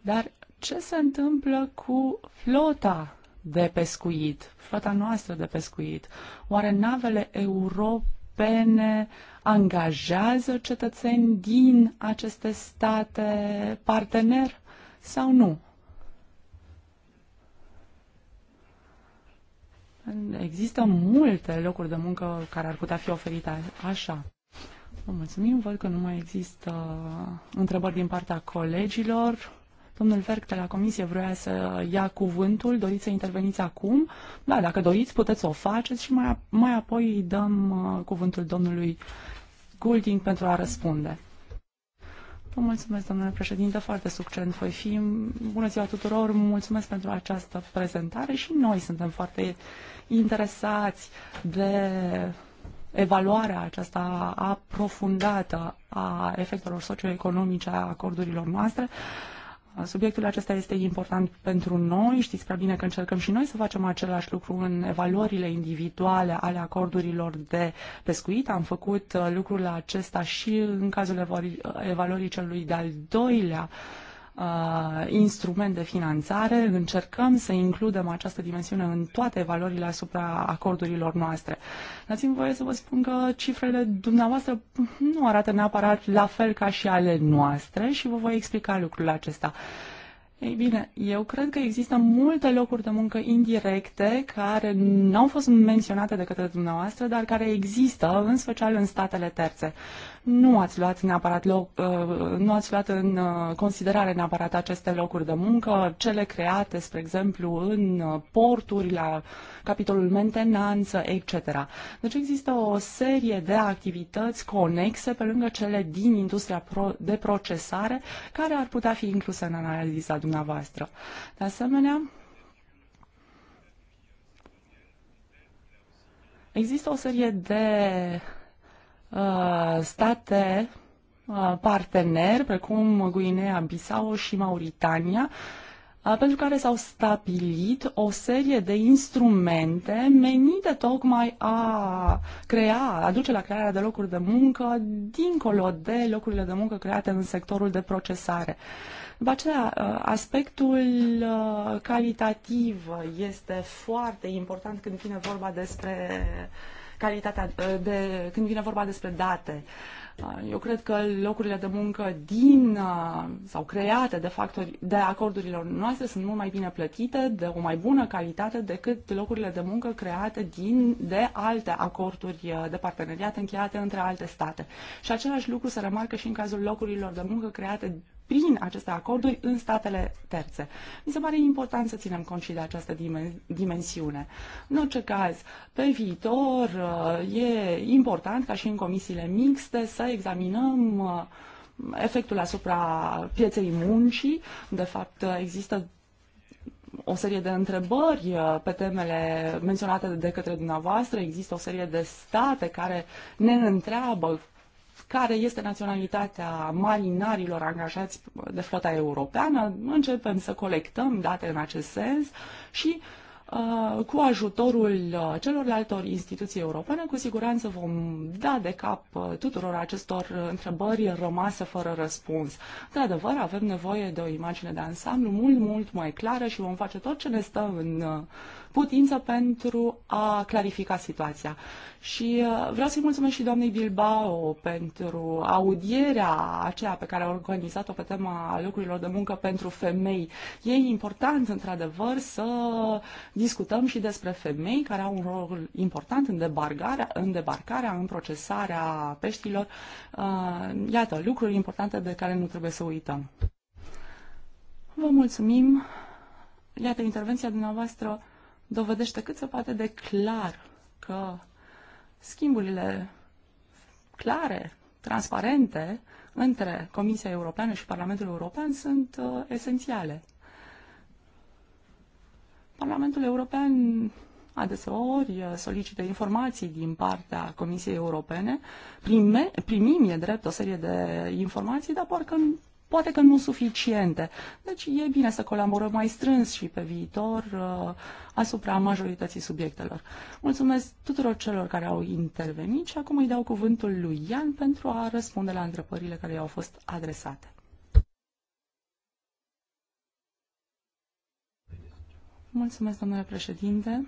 dar ce se întâmplă cu flota de pescuit, flota noastră de pescuit? Oare navele europene angajează cetățeni din aceste state partener sau nu? Există multe locuri de muncă care ar putea fi oferite așa. Vă mulțumim, văd că nu mai există întrebări din partea colegilor. Domnul Ferc de la Comisie vrea să ia cuvântul, doriți să interveniți acum? Da, dacă doriți, puteți să o faceți și mai, mai apoi dăm uh, cuvântul domnului Goulding pentru a răspunde. Vă mulțumesc, domnule președinte, foarte succent voi fi. Bună ziua tuturor, mulțumesc pentru această prezentare și noi suntem foarte interesați de evaluarea aceasta aprofundată a efectelor socioeconomice a acordurilor noastre. Uh, Subiectul acesta este important pentru noi. Știți prea bine că încercăm și noi să facem același lucru în evaluările individuale ale acordurilor de pescuit. Am făcut uh, lucrul acesta și în cazul evaluării celui de-al doilea uh, Uh, instrument de finanțare, încercăm să includem această dimensiune în toate valorile asupra acordurilor noastre. Dați-mi voie să vă spun că cifrele dumneavoastră nu arată neapărat la fel ca și ale noastre și vă voi explica lucrul acesta. Ei bine, eu cred că există multe locuri de muncă indirecte care nu au fost menționate de către dumneavoastră, dar care există, în special în statele terțe nu ați luat neapărat loc, uh, nu ați luat în uh, considerare neapărat aceste locuri de muncă, cele create, spre exemplu, în uh, porturi, la capitolul mentenanță, etc. Deci există o serie de activități conexe pe lângă cele din industria de procesare care ar putea fi incluse în analiza dumneavoastră. De asemenea, există o serie de Uh, state uh, parteneri, precum Guinea, Bissau și Mauritania, uh, pentru care s-au stabilit o serie de instrumente menite tocmai a crea, aduce la crearea de locuri de muncă dincolo de locurile de muncă create în sectorul de procesare. După aceea, aspectul calitativ este foarte important când vine vorba despre uh, calitatea uh, de, când vine vorba despre date. Uh, eu cred că locurile de muncă din uh, sau create de factori de acordurile noastre sunt mult mai bine plătite, de o mai bună calitate decât locurile de muncă create din de alte acorduri de parteneriat încheiate între alte state. Și același lucru se remarcă și în cazul locurilor de muncă create prin aceste acorduri în statele terțe. Mi se pare important să ținem cont și de această dimensiune. În orice caz, pe viitor uh, e important ca și în comisiile mixte să examinăm uh, efectul asupra pieței muncii. De fapt, uh, există o serie de întrebări pe temele menționate de către dumneavoastră. Există o serie de state care ne întreabă care este naționalitatea marinarilor angajați de flota europeană. Începem să colectăm date în acest sens și uh, cu ajutorul uh, celorlalte instituții europene, cu siguranță vom da de cap uh, tuturor acestor întrebări rămase fără răspuns. De adevăr, avem nevoie de o imagine de ansamblu mult, mult mai clară și vom face tot ce ne stă în putință pentru a clarifica situația. Și uh, vreau să-i mulțumesc și doamnei Bilbao pentru audierea aceea pe care a organizat-o pe tema locurilor de muncă pentru femei. E important, într-adevăr, să discutăm și despre femei care au un rol important în debarcarea, în, debarcarea, în procesarea peștilor. Uh, iată, lucruri importante de care nu trebuie să uităm. Vă mulțumim. Iată, intervenția dumneavoastră dovedește cât se poate de clar că schimburile clare, transparente, între Comisia Europeană și Parlamentul European sunt uh, esențiale. Parlamentul European adeseori uh, solicită informații din partea Comisiei Europene, prime, primim, e drept, o serie de informații, dar parcă poate că nu suficiente. Deci e bine să colaborăm mai strâns și pe viitor uh, asupra majorității subiectelor. Mulțumesc tuturor celor care au intervenit și acum îi dau cuvântul lui Ian pentru a răspunde la întrebările care i-au fost adresate. Mulțumesc, domnule președinte.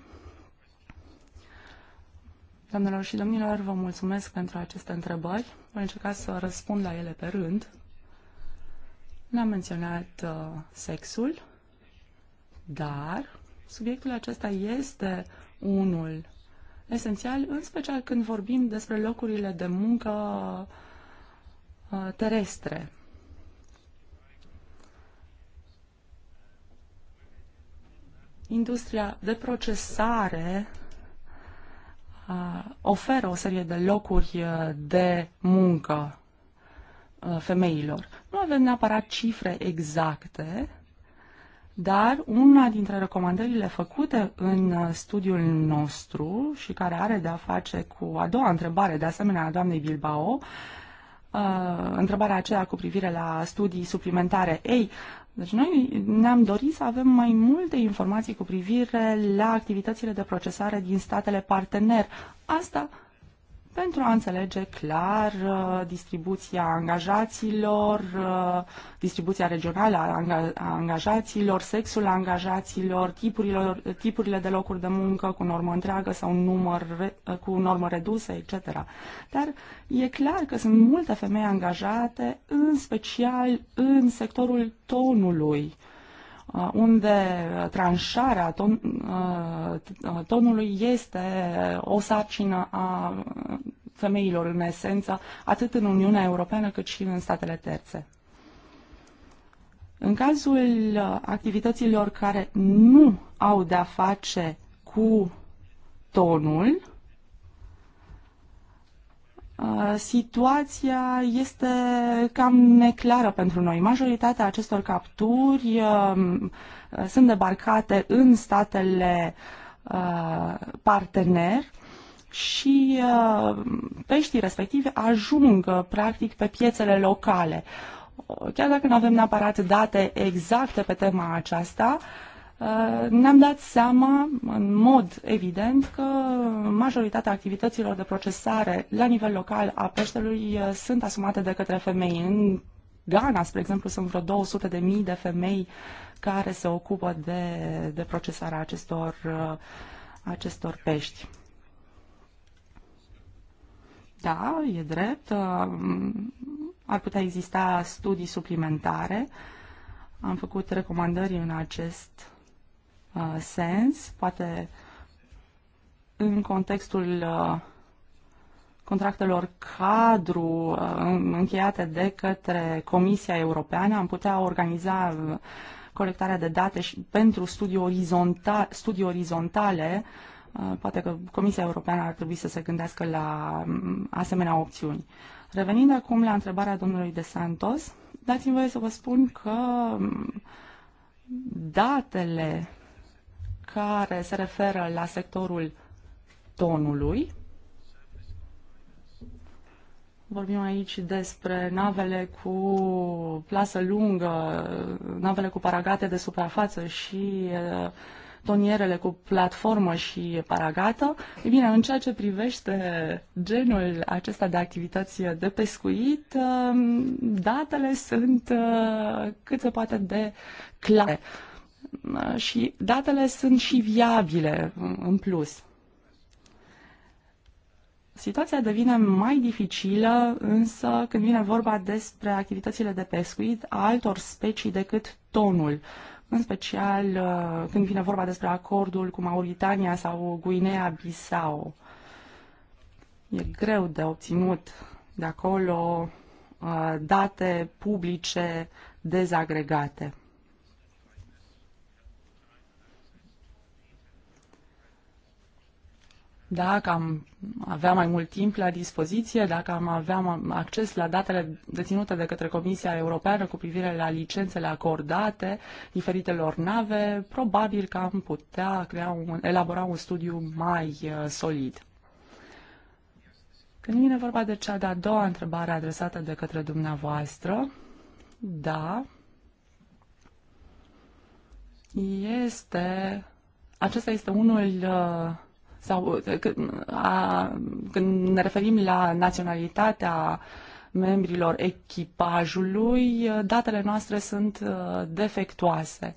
Doamnelor și domnilor, vă mulțumesc pentru aceste întrebări. Voi încerca să răspund la ele pe rând. N-am menționat uh, sexul, dar subiectul acesta este unul esențial, în special când vorbim despre locurile de muncă uh, terestre. Industria de procesare uh, oferă o serie de locuri uh, de muncă Uh, femeilor. Nu avem neapărat cifre exacte, dar una dintre recomandările făcute în uh, studiul nostru și care are de-a face cu a doua întrebare, de asemenea a doamnei Bilbao, uh, întrebarea aceea cu privire la studii suplimentare. Ei, deci noi ne-am dorit să avem mai multe informații cu privire la activitățile de procesare din statele partener. Asta pentru a înțelege clar uh, distribuția angajaților, uh, distribuția regională a angajaților, sexul angajaților, tipurile, tipurile de locuri de muncă cu normă întreagă sau număr, uh, cu normă redusă, etc. Dar e clar că sunt multe femei angajate, în special în sectorul tonului Uh, unde tranșarea ton, uh, tonului este o sarcină a femeilor în esență, atât în Uniunea Europeană cât și în statele terțe. În cazul uh, activităților care nu au de-a face cu tonul, Uh, situația este cam neclară pentru noi. Majoritatea acestor capturi uh, sunt debarcate în statele uh, partener și peștii respective ajung practic pe piețele locale. Chiar dacă nu avem neapărat date exacte pe tema aceasta, uh, Uh, ne-am dat seama, în mod evident, că majoritatea activităților de procesare la nivel local a peștelui uh, sunt asumate de către femei. În Ghana, spre exemplu, sunt vreo 200 de mii de femei care se ocupă de, de procesarea acestor, uh, acestor pești. Da, e drept. Ar putea exista studii suplimentare. Am făcut recomandări în acest Uh, sens, poate în contextul uh, contractelor cadru uh, încheiate de către Comisia Europeană, am putea organiza colectarea de date și pentru studii, orizontal, studii orizontale. Poate că Comisia Europeană ar trebui să se gândească la mm, asemenea opțiuni. Revenind acum la întrebarea domnului De Santos, dați-mi voie să vă spun că mm, datele care se referă la sectorul tonului. Vorbim aici despre navele cu plasă lungă, navele cu paragate de suprafață și uh, tonierele cu platformă și paragată. E bine, în ceea ce privește genul acesta de activități de pescuit, um, datele sunt uh, cât se poate de clare. Uh, și datele sunt și viabile în plus. Situația devine mai dificilă, însă, când vine vorba despre activitățile de pescuit a altor specii decât tonul, în special uh, când vine vorba despre acordul cu Mauritania sau Guinea-Bissau. E greu de obținut de acolo uh, date publice dezagregate. Dacă am avea mai mult timp la dispoziție, dacă am avea acces la datele deținute de către Comisia Europeană cu privire la licențele acordate diferitelor nave, probabil că am putea crea un, elabora un studiu mai uh, solid. Când vine vorba de cea de-a doua întrebare adresată de către dumneavoastră, da, este, acesta este unul uh, sau a, când ne referim la naționalitatea membrilor echipajului, datele noastre sunt uh, defectuoase.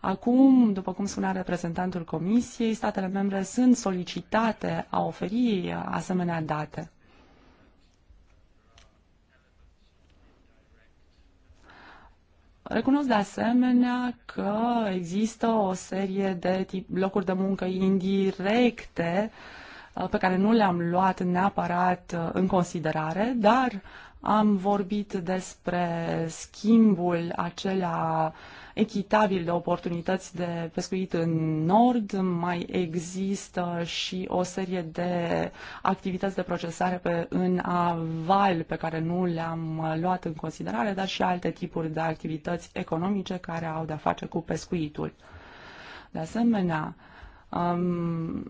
Acum, după cum spunea reprezentantul Comisiei, statele membre sunt solicitate a oferi asemenea date. Recunosc de asemenea că există o serie de tip, locuri de muncă indirecte uh, pe care nu le-am luat neapărat uh, în considerare, dar am vorbit despre schimbul acela uh, echitabil de oportunități de pescuit în nord, mai există și o serie de activități de procesare pe, în aval pe care nu le-am luat în considerare, dar și alte tipuri de activități economice care au de-a face cu pescuitul. De asemenea, um,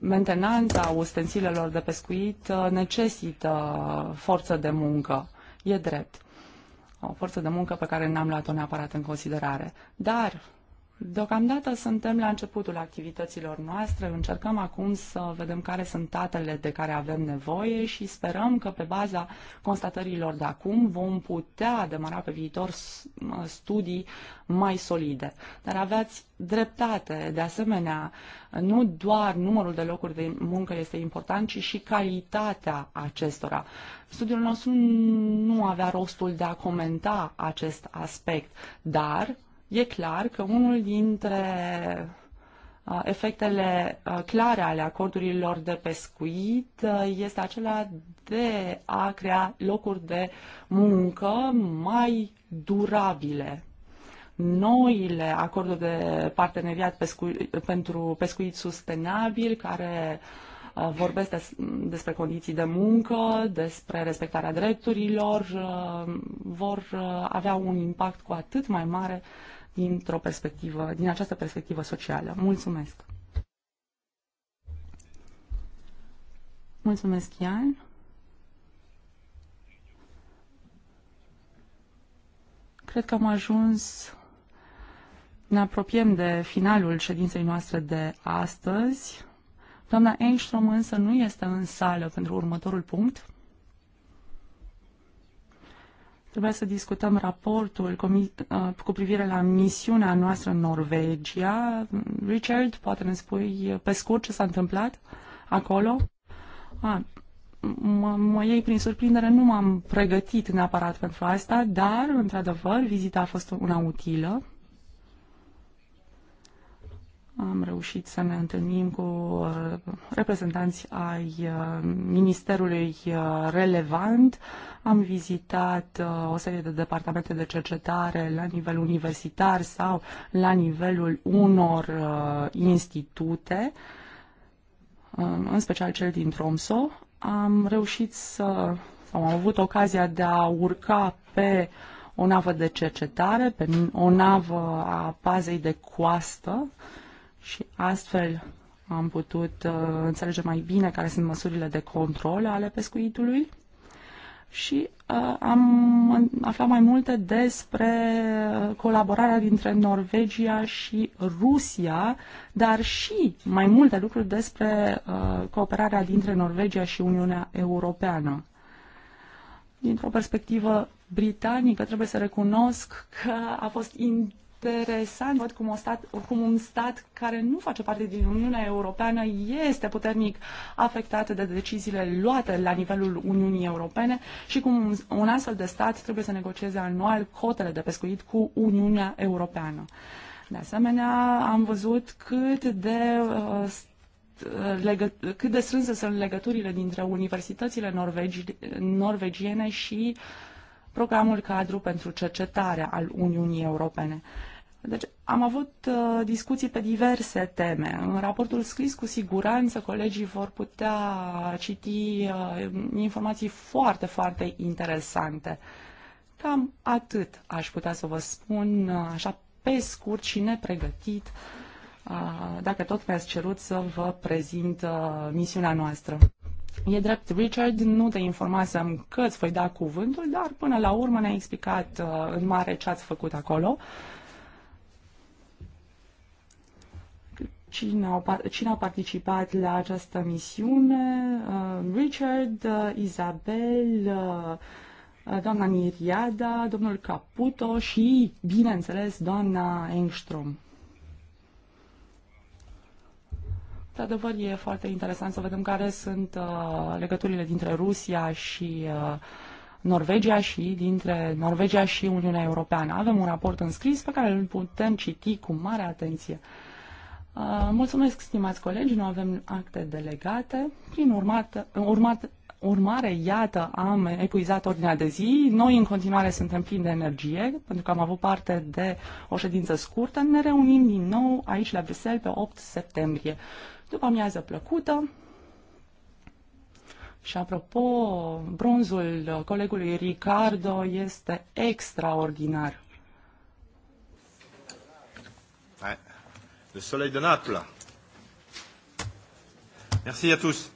mentenanța ustensilelor de pescuit uh, necesită forță de muncă. E drept o forță de muncă pe care n-am luat-o neapărat în considerare. Dar Deocamdată suntem la începutul activităților noastre, încercăm acum să vedem care sunt datele de care avem nevoie și sperăm că pe baza constatărilor de acum vom putea demara pe viitor studii mai solide. Dar aveați dreptate, de asemenea, nu doar numărul de locuri de muncă este important, ci și calitatea acestora. Studiul nostru nu avea rostul de a comenta acest aspect, dar E clar că unul dintre uh, efectele uh, clare ale acordurilor de pescuit uh, este acela de a crea locuri de muncă mai durabile. Noile acorduri de parteneriat pescu- pentru pescuit sustenabil care vorbesc des- despre condiții de muncă, despre respectarea drepturilor, vor avea un impact cu atât mai mare uh, dintr-o perspectivă, din această perspectivă socială. Mulțumesc! Mulțumesc, Ian! Cred că am ajuns ne apropiem de finalul ședinței noastre de astăzi. Doamna Engstrom însă nu este în sală pentru următorul punct. Trebuia să discutăm raportul uh, cu privire la misiunea noastră în Norvegia. Richard, poate ne spui pe scurt ce s-a întâmplat acolo? A, mă iei prin surprindere, nu m-am pregătit neapărat pentru asta, dar, într-adevăr, vizita a fost una utilă am reușit să ne întâlnim cu uh, reprezentanți ai uh, ministerului uh, relevant. Am vizitat o serie de departamente de cercetare la nivel universitar sau la nivelul unor institute, în special cel din Tromso. Am reușit să, sau am avut ocazia de a urca pe o navă de cercetare, pe o navă a pazei de coastă, și astfel am putut uh, înțelege mai bine care sunt măsurile de control ale pescuitului și uh, am aflat mai multe despre colaborarea dintre Norvegia și Rusia, dar și mai multe lucruri despre uh, cooperarea dintre Norvegia și Uniunea Europeană. Dintr-o perspectivă britanică, trebuie să recunosc că a fost in- interesant văd cum, o stat, cum un stat care nu face parte din Uniunea Europeană este puternic afectat de deciziile luate la nivelul Uniunii Europene și cum un astfel de stat trebuie să negocieze anual cotele de pescuit cu Uniunea Europeană. De asemenea, am văzut cât de uh, cât de strânse sunt legăturile dintre universitățile norvegi, norvegiene și programul cadru pentru cercetare al Uniunii Europene. Deci am avut uh, discuții pe diverse teme. În raportul scris, cu siguranță, colegii vor putea citi uh, informații foarte, foarte interesante. Cam atât aș putea să vă spun, uh, așa pe scurt și nepregătit, uh, dacă tot mi-ați cerut să vă prezint uh, misiunea noastră. E drept, Richard, nu te informasem că îți voi da cuvântul, dar până la urmă ne-ai explicat uh, în mare ce ați făcut acolo. Cine, au, cine a participat la această misiune? Uh, Richard, uh, Isabel, uh, doamna Miriada, domnul Caputo și, bineînțeles, doamna Engstrom. Într-adevăr, e foarte interesant să vedem care sunt uh, legăturile dintre Rusia și uh, Norvegia și dintre Norvegia și Uniunea Europeană. Avem un raport înscris pe care îl putem citi cu mare atenție. Uh, Uh, mulțumesc, stimați colegi, nu avem acte delegate. Prin urmat, urmat, urmare, iată, am epuizat ordinea de zi. Noi, în continuare, suntem plini de energie, pentru că am avut parte de o ședință scurtă. Ne reunim din nou aici, la Bruxelles, pe 8 septembrie. După amiază plăcută. Și apropo, bronzul colegului Ricardo este extraordinar. Le soleil de Naples. Merci à tous.